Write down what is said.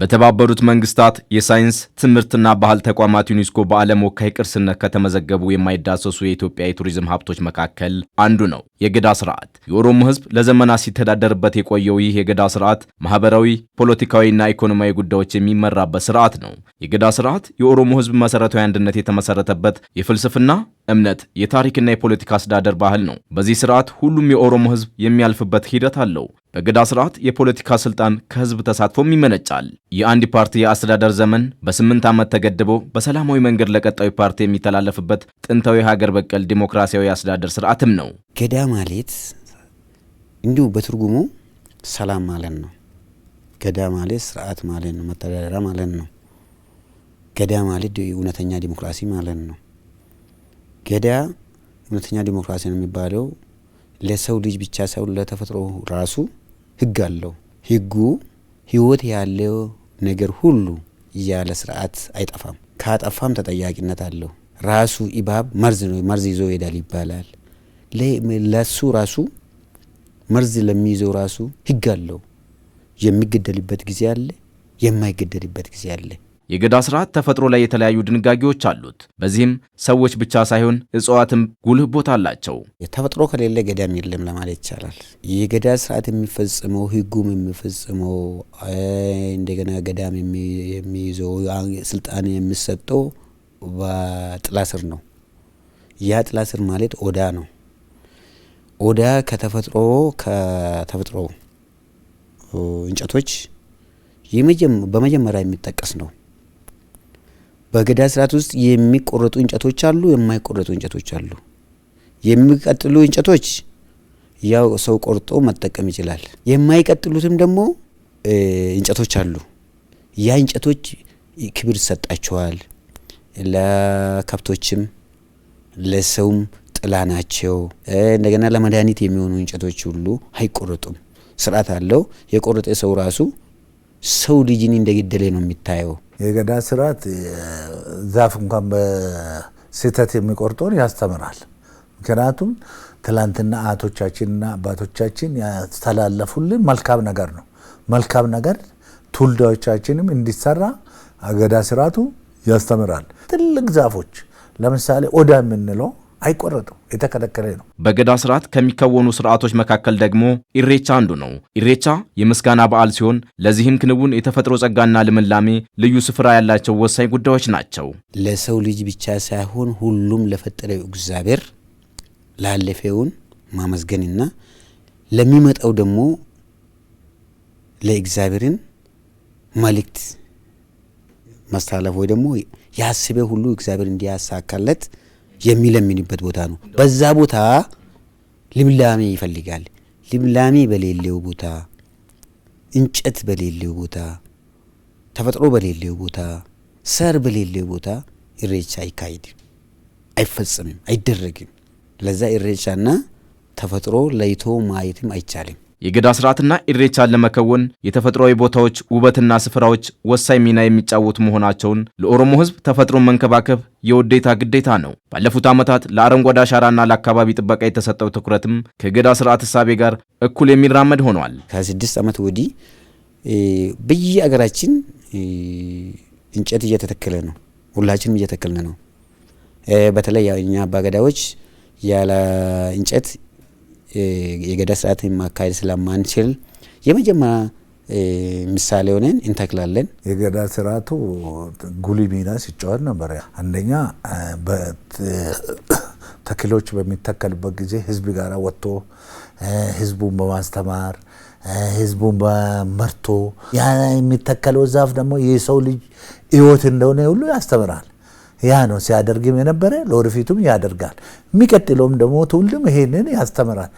በተባበሩት መንግስታት የሳይንስ ትምህርትና ባህል ተቋማት ዩኔስኮ በዓለም ወካይ ቅርስነት ከተመዘገቡ የማይዳሰሱ የኢትዮጵያ የቱሪዝም ሀብቶች መካከል አንዱ ነው የገዳ ስርዓት። የኦሮሞ ሕዝብ ለዘመናት ሲተዳደርበት የቆየው ይህ የገዳ ስርዓት ማህበራዊ፣ ፖለቲካዊና ኢኮኖሚያዊ ጉዳዮች የሚመራበት ስርዓት ነው። የገዳ ስርዓት የኦሮሞ ሕዝብ መሰረታዊ አንድነት የተመሰረተበት የፍልስፍና እምነት፣ የታሪክና የፖለቲካ አስተዳደር ባህል ነው። በዚህ ስርዓት ሁሉም የኦሮሞ ህዝብ የሚያልፍበት ሂደት አለው። በገዳ ስርዓት የፖለቲካ ስልጣን ከህዝብ ተሳትፎም ይመነጫል። የአንድ ፓርቲ የአስተዳደር ዘመን በስምንት ዓመት ተገድቦ በሰላማዊ መንገድ ለቀጣዩ ፓርቲ የሚተላለፍበት ጥንታዊ ሀገር በቀል ዲሞክራሲያዊ የአስተዳደር ስርዓትም ነው። ገዳ ማለት እንዲሁ በትርጉሙ ሰላም ማለት ነው። ገዳ ማለት ስርዓት ማለት ነው። መተዳደሪያ ማለት ነው። ገዳ ማለት እውነተኛ ዲሞክራሲ ማለት ነው። ገዳ እውነተኛ ዲሞክራሲ ነው የሚባለው ለሰው ልጅ ብቻ ሳይሆን ለተፈጥሮ ራሱ ህግ አለው። ህጉ ህይወት ያለው ነገር ሁሉ ያለ ስርዓት አይጠፋም። ካጠፋም ተጠያቂነት አለው። ራሱ ኢባብ መርዝ ነው፣ መርዝ ይዞ ይሄዳል ይባላል። ለሱ ራሱ መርዝ ለሚይዘው ራሱ ህግ አለው። የሚገደልበት ጊዜ አለ፣ የማይገደልበት ጊዜ አለ። የገዳ ስርዓት ተፈጥሮ ላይ የተለያዩ ድንጋጌዎች አሉት። በዚህም ሰዎች ብቻ ሳይሆን እጽዋትም ጉልህ ቦታ አላቸው። ተፈጥሮ ከሌለ ገዳም የለም ለማለት ይቻላል። የገዳ ስርዓት የሚፈጽመው ህጉም የሚፈጽመው እንደገና ገዳም የሚይዘው ስልጣን የሚሰጠው በጥላ ስር ነው። ያ ጥላ ስር ማለት ኦዳ ነው። ኦዳ ከተፈጥሮ ከተፈጥሮ እንጨቶች በመጀመሪያ የሚጠቀስ ነው። በገዳ ስርዓት ውስጥ የሚቆረጡ እንጨቶች አሉ፣ የማይቆረጡ እንጨቶች አሉ። የሚቀጥሉ እንጨቶች ያው ሰው ቆርጦ መጠቀም ይችላል። የማይቀጥሉትም ደግሞ እንጨቶች አሉ። ያ እንጨቶች ክብር ይሰጣቸዋል። ለከብቶችም ለሰውም ጥላ ናቸው። እንደገና ለመድኃኒት የሚሆኑ እንጨቶች ሁሉ አይቆረጡም። ስርዓት አለው። የቆረጠ ሰው ራሱ ሰው ልጅን እንደገደለ ነው የሚታየው። የገዳ ስርዓት ዛፍ እንኳን በስህተት የሚቆርጠውን ያስተምራል። ምክንያቱም ትላንትና አያቶቻችንና አባቶቻችን ያስተላለፉልን መልካም ነገር ነው። መልካም ነገር ትውልዶቻችንም እንዲሰራ አገዳ ስርዓቱ ያስተምራል። ትልቅ ዛፎች ለምሳሌ ኦዳ የምንለው አይቆረጥም፣ የተከለከለ ነው። በገዳ ስርዓት ከሚከወኑ ስርዓቶች መካከል ደግሞ ኢሬቻ አንዱ ነው። ኢሬቻ የምስጋና በዓል ሲሆን ለዚህም ክንውን የተፈጥሮ ጸጋና ልምላሜ ልዩ ስፍራ ያላቸው ወሳኝ ጉዳዮች ናቸው። ለሰው ልጅ ብቻ ሳይሆን ሁሉም ለፈጠረው እግዚአብሔር ላለፈውን ማመስገንና ለሚመጣው ደግሞ ለእግዚአብሔርን መልእክት ማስተላለፍ ወይ ደግሞ ያስበ ሁሉ እግዚአብሔር እንዲያሳካለት የሚለምንበት ቦታ ነው። በዛ ቦታ ልምላሜ ይፈልጋል። ልምላሜ በሌለው ቦታ፣ እንጨት በሌለው ቦታ፣ ተፈጥሮ በሌለው ቦታ፣ ሰር በሌለው ቦታ እሬቻ አይካሄድም፣ አይፈጸምም፣ አይደረግም። ለዛ እሬቻና ተፈጥሮ ለይቶ ማየትም አይቻልም። የገዳ ስርዓትና ኢሬቻን ለመከወን የተፈጥሯዊ ቦታዎች ውበትና ስፍራዎች ወሳኝ ሚና የሚጫወቱ መሆናቸውን ለኦሮሞ ህዝብ ተፈጥሮን መንከባከብ የውዴታ ግዴታ ነው። ባለፉት ዓመታት ለአረንጓዴ አሻራና ለአካባቢ ጥበቃ የተሰጠው ትኩረትም ከገዳ ስርዓት እሳቤ ጋር እኩል የሚራመድ ሆኗል። ከስድስት ዓመት ወዲህ አገራችን እንጨት እየተተከለ ነው። ሁላችንም እየተከልን ነው። በተለይ እኛ አባገዳዎች ያለ እንጨት የገዳ ስርዓትን ማካሄድ ስለማንችል የመጀመሪያ ምሳሌ ሆነን እንተክላለን። የገዳ ስርዓቱ ጉልህ ሚና ሲጫወት ነበር። አንደኛ ተክሎች በሚተከልበት ጊዜ ህዝብ ጋር ወጥቶ ህዝቡን በማስተማር ህዝቡን በመርቶ ያ የሚተከለው ዛፍ ደግሞ የሰው ልጅ ህይወት እንደሆነ ሁሉ ያስተምራል። ያ ነው ሲያደርግም የነበረ ለወደፊቱም ያደርጋል። የሚቀጥለውም ደግሞ ትውልድም ይሄንን ያስተምራል።